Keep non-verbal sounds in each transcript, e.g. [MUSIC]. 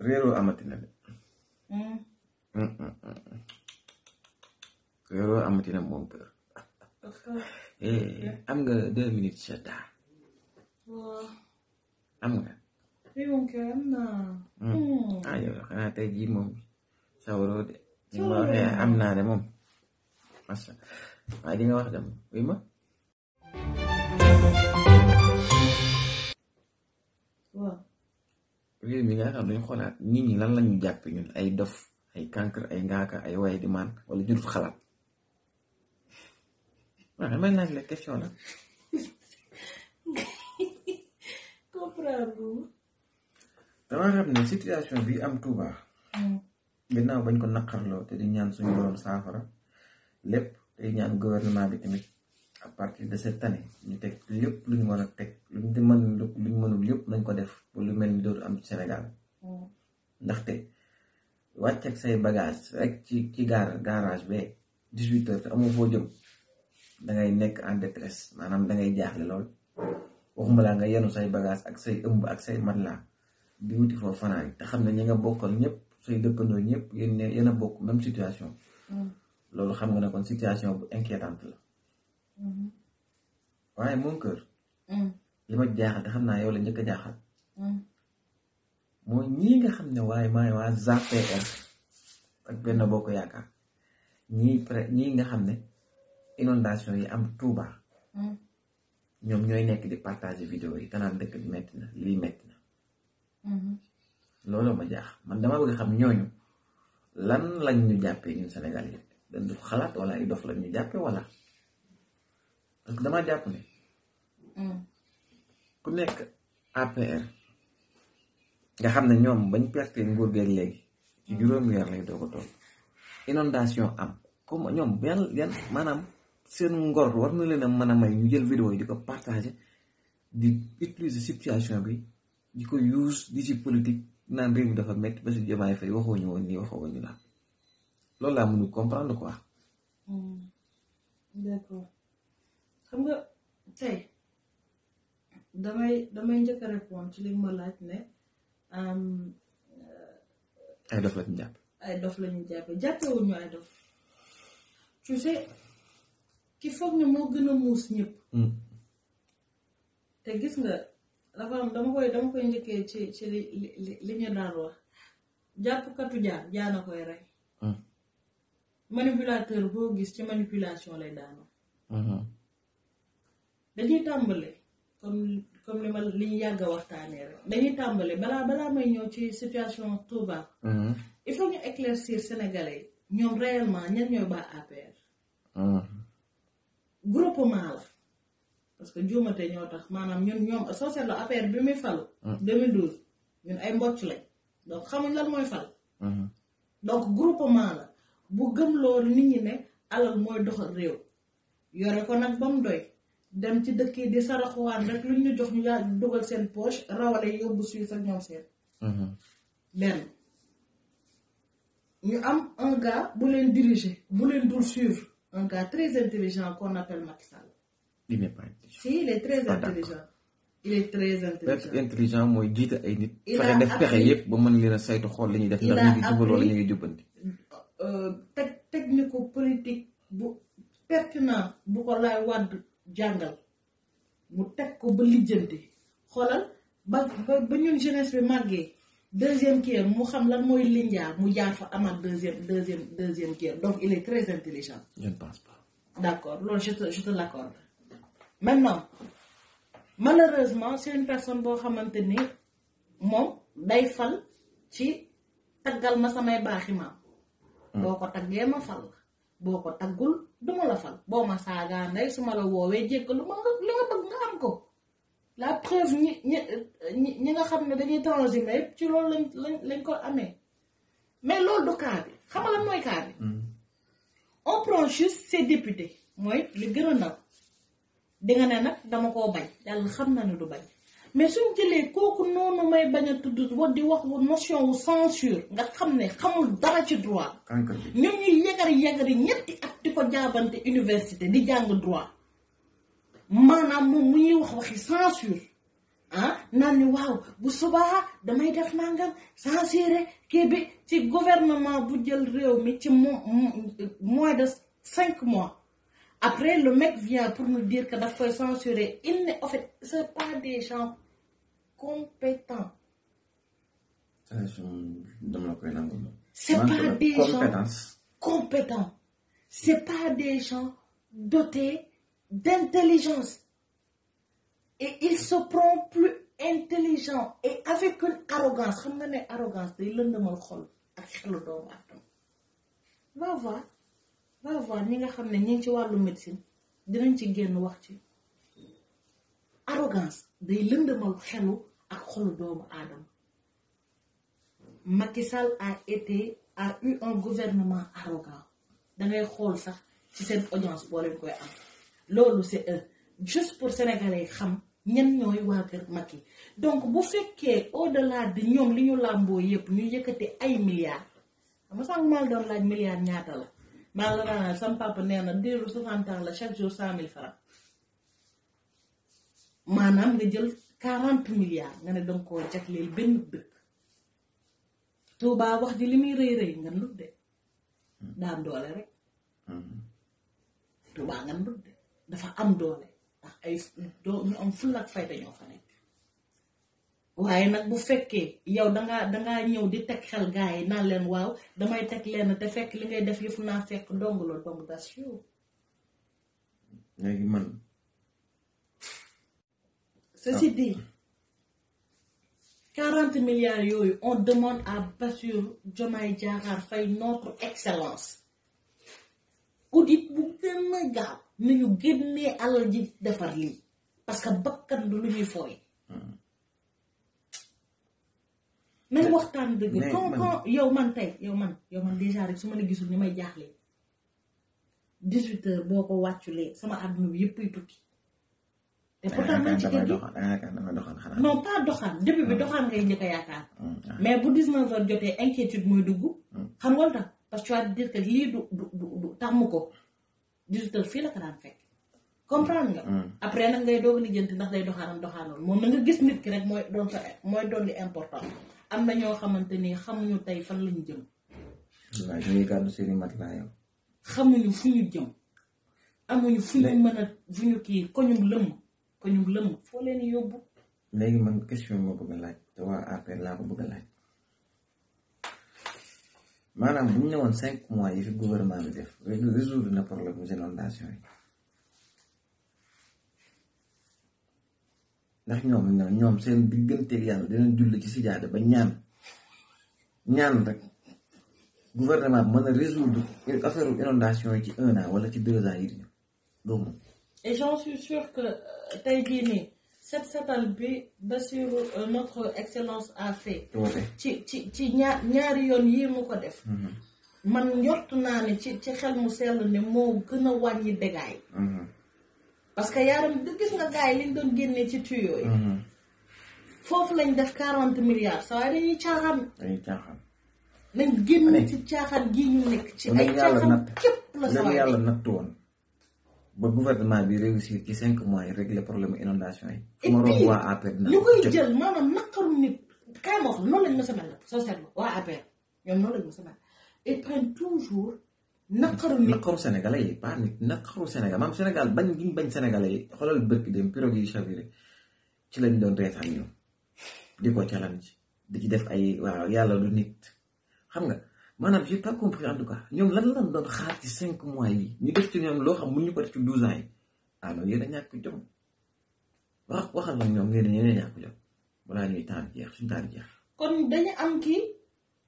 غير rero amati na أمة النبي منكر eh am nga 2 minutes sa daa waaw am nga oui mon kay nah. am hmm. mm. ah yow xanaa tay ji mom sawro de ni ma am na de mom masa ay di nga wax dem wi ma réew mi nga xam dañu xoolaat nit ñi lan lañu jàppe ñun ay dof ay kankar ay ngaaka ay waye di wala jurut xalaat waaw damay laaj la question la [LAUGHS] dama xam ne situation bi am na hmm. ginnaaw bañ ko naqarloo te di ñaan suñu borom saafara lépp te ñaan gouvernement bi tamit à partir de cette année ñu teg lépp lu ñu mën a teg lu ñu mën lu nañ ko def pour lu mel ni dootu am ci Sénégal mm. ndaxte wàcc ak say bagaas rek ci ci gaar garage ba dix-huit heures foo jëm da ngay nekk en détresse maanaam da ngay jaaxle lool waxuma laa nga yenu say bagaas ak say ëmb ak say matelas di wuti foo fanaan te xam ne ñi nga bokkal ñëpp say dëkkandoo ñëpp yéen yéen a bokk même situation mm. loolu xam nga ne kon situation bu inquiétante la Mm-hmm. waaye moom kër. Mm. li ma jaaxal te xam naa yow la njëkk jaaxal. Mm. mooy ñii nga xam ne waaye maay waa ZPR ak benn bokk yaakaar ñii pré ñii nga xam ne inondation yi am Touba. Mm. ñoom ñooy nekk di partager vidéo yi kanaan dëkk bi metti na lii metti na. Mm-hmm. looloo ma jaax man dama bëgg xam ñooñu lan lañ ñu jàppee ñun Sénégal yi dañ xalaat wala ay dof lañ ñu jàppee wala. parce que damaa jàpp ne. Mm. ku nekk APR. nga xam ne ñoom bañ perte nguur geeg léegi ci juróom weer lay doog a toll inondation am comme ñoom yan yan maanaam seen ngor war na leen a mën a may ñu jël vidéo yi di ko partager di utiliser situation bi di ko use di ci politique naan réew mi dafa métti ba si jamaay fay waxoo ñu woon nii waxoo ñu naan loolu laa mënul comprendre quoi. Mm. d'accord. tey damay damay njëkk a répondre ci li ma laaj ne euh, ay dof lañu jàpp ay dof lañu jàppe jàppewuñu ay dof tu sais ki foog ne moo gën a muus ñëpp hmm. te gis nga dafa am dama koy dama koy njëkkee ci ci li li ñu daan wax jàppkatu jaan jaana koy rey hmm. manipulateur boo gis ci manipulation lay daanoo hmm. dañuy tàmbale comme comme li ma li ñu yàgg waxtaanee rek dañuy tàmbale balaa balaa may ñëw ci situation Touba. Mm-hmm. il faut ñu éclaircir Sénégalais ñoom réellement ñan ñooy baa APR. Mm-hmm. groupement la parce que juumate ñoo tax maanaam ñun ñoom soo seetloo APR bi muy falu. 2012 mm. ñun ay mbocc lañ donc xamuñ lan mooy fal. Mm-hmm. donc groupement la bu gëm loolu nit ñi ne alal mooy doxal réew yore ko nag ba mu doy. dem ci dëkk yi di saraxuwaat rek lu ñu jox ñu yaa dugal seen poche rawale yóbbu Suisse ak ñoom seen mhm. benn ñu am un gars bu leen diriger bu leen dul suivre un gars très intelligent qu'on appelle Macky Sall il n'est pas intelligent si il est très intelligent il est très intelligent intelligent mooy jiite ay nit fexe def pexe yépp ba mën leen a saytu xool li ñuy def ndax ñu ngi jubal wala ñu ngi jubbanti euh, technique politique bu pertinent bu ko laay wàdd jàngal mu teg ko ba lijjanti xoolal ba ba ñun jeunesse bi màggee deuxième kii mu xam lan mooy linjaar mu jaar fa amaat deuxième deuxième deuxième kii donc il est très intelligent. je ne pense pas. d' accord loolu je te je te l' accorde maintenant malheureusement c' est une personne boo xamante ni moom day fal ci taggal ma samay baaxi maam. Ah. boo ko taggee ma fal boo ko taggul duma la fal. boo ma saagaa ndey su ma la woowee jéggalu ma nga li nga tam nga am ko la preuve ñi ñi ñi nga xam ne dañuy transhumé yëpp ci loolu lañ lañ lañ ko amee mais loolu du cas bi la mooy cas bi. Hmm. on prend juste mooy li gën a naw di nga ne nag dama koo bañ yàlla xam na ne du bañ mais suñ jëlee kooku noonu may bañ a tudd wa di wax notion wu censure nga xam ne xamul dara ci droit ñoom ñuy yagari yagari ñetti at di ko jaabante université di jàng droit maanaam moom mu ñuy wax waxi censure ah naan ni waaw bu subaa damay def nangam censuré kii bi ci gouvernement bu jël réew mi ci mo moins de cinq mois Après, le mec vient pour nous dire que a censurées. Il n'est, en fait, ce pas des gens compétents. C'est pas des gens compétents. C'est pas des gens dotés d'intelligence. Et ils se prend plus intelligents et avec une arrogance. Arrogance, Va voir va voir ñi nga xamné ñi ci walu médecine dinañ ci génn wax ci arrogance day lëndëmal xelu ak xolu doomu aadama Macky Sall a été a eu un gouvernement arrogant da ngay xool sax ci seen audience boo leen koy am loolu c'est eux juste pour sénégalais xam ñan ñooy waa kër Macky donc bu fekkee au-delà de ñoom li ñu làmboo yëpp ñu yëkkati ay milliards xam nga sax mal doon laaj milliards ñaata la maa la raanal sama papa na diiru soixante ans la chaque jour cent mille francs maanaam nga jël quarante milliards nga ne danga koo jagleel benn dëkk Touba wax ji li muy rëy rëy nga ndut de daa doole rek mm-hmm. Touba nga ndut de dafa am doole ndax ay doo ñu am fulla ñoo fa nekk waaye nag bu fekkee yow danga danga ñëw di teg xel gars yi naan leen waaw damay teg leen te fekk li ngay def yëfu naa fekk dong la dong das yow léegi man ceci ah. dit quarante milliards yooyu on demande à Bassirou Diomaye Diakhar fay notre excellence audit bu gën a gaaw ñu génnee alal ji defar lii parce que bakkan du lu ñuy fooy nañ waxtaan dëgg kon kon yow man tey yow man yow man déjà rek su ma la gisul ni may jaaxle dix-huit boo ko wàcculee sama àdduna bi yëpp ay tukki te pourtant man ci kër gi non pas doxaan début bi hmm. ngay njëkk a yaakaar hmm, ah. mais bu dix jotee inquiétude mooy dugg hmm. xam nga tax parce que tu vas dire que lii du du du tàmm ko dix-huit heures fii la ko daan fekk comprendre nga après nag ngay doog lijjanti ndax day doxaanam doxaanoon moom na nga gis nit ki rek mooy doon sa mooy doon li important am na ñoo xamante ni xamuñu tey fan lañu jëm. waaw ñu ngi gàddu seen i matelas yow. xamuñu fu ñu jëm. amuñu fu ñu mën a fu ñu kii koñu lëmm koñu lëmm foo leen yóbbu. léegi man question moo bëgg a laaj te waa APR laa ko bëgg laaj maanaam bu ñu ne woon cinq mois yi fi gouvernement bi def résoudre na problème mu inondation yi. ndax ñoom ñoom seen digganteeg yàlla dinañ julli ci sijaada ba ñaan ñaan rek gouvernement bi mën a résoudre affaire inondation yi ci un an wala ci deux ans yi ñëw doomu. et j'en suis sûr que euh, tey jii nii set setal bi Bassirou euh, notre excellence a fait. ci ci ci ñaar ñaari yoon yii mu ko def. Mhm. man njort naa ne ci ci xel mu seetlu ne moo gën a wàññi dégâts yi. Mhm. parce que yaaram da gis nga gars yi liñ doon ci tuyoo yi. Mhm. foofu lañ def quarante milliards saa waaye dañuy caaxaan. dañuy caaxaan. nañ ñu nekk. ci ay caaxaan képp la saa waay yàlla natt woon. ba gouvernement bi réussir ci cinq mois yi régler problème inondation yi. et puis ñu koy jël maanaam naqaru nit. kay ma noonu lañ ma sa mel nag waa APR ñoom noonu lañ ma sa mel ils toujours. naqaru naqaru sénégalais yi pas nit naqaru sénégal maam sénégal bañ gi ñu bañ sénégalais yi xoolal bëkk dem pirogue yi chaviré ci lañ doon reetaan ñoom di ko ci di ci def ay waaw yàlla du nit xam nga maanaam j'ai pas compris en tout cas ñoom lan lan doon xaar ci cinq mois yi ñu def ci ñoom loo xam mun ñu ko def ci douze ans yi ah non yéen a ñàkk jom wax waxal nag ñoom yéen a ñàkk jom balaa ñuy taal jeex suñu kon dañu am kii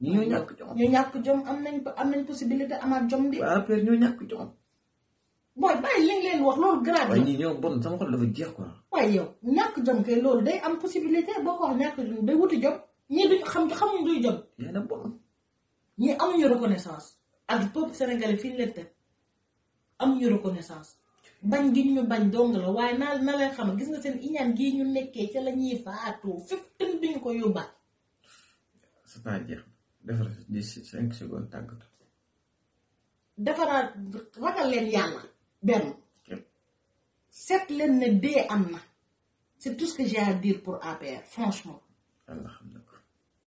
ñu ñàkk jom ñàkk jom am nañ am nañ possibilité amaat jom di. waaw affaire ñu ñàkk jom. booy li leen wax loolu grave. waaye ñii ñoo dafa jeex quoi. ñàkk jom kay loolu day am possibilité boo ko wax wuti jom ñii xam xamuñ duy jom. yéen a bon. ñii ak peuple sénégalais fi ñu leen gi ñu bañ dong la waaye naa na leen xam gis nga seen iñaan gii ñu nekkee ca la ñuy faatu fépp duñ ko yóbbaat. c'est pas jeex. defal di cinq secondes tàggatu ragal leen yàlla benn seet leen ne dee am na c'est tout ce que j'ai à pour APR franchement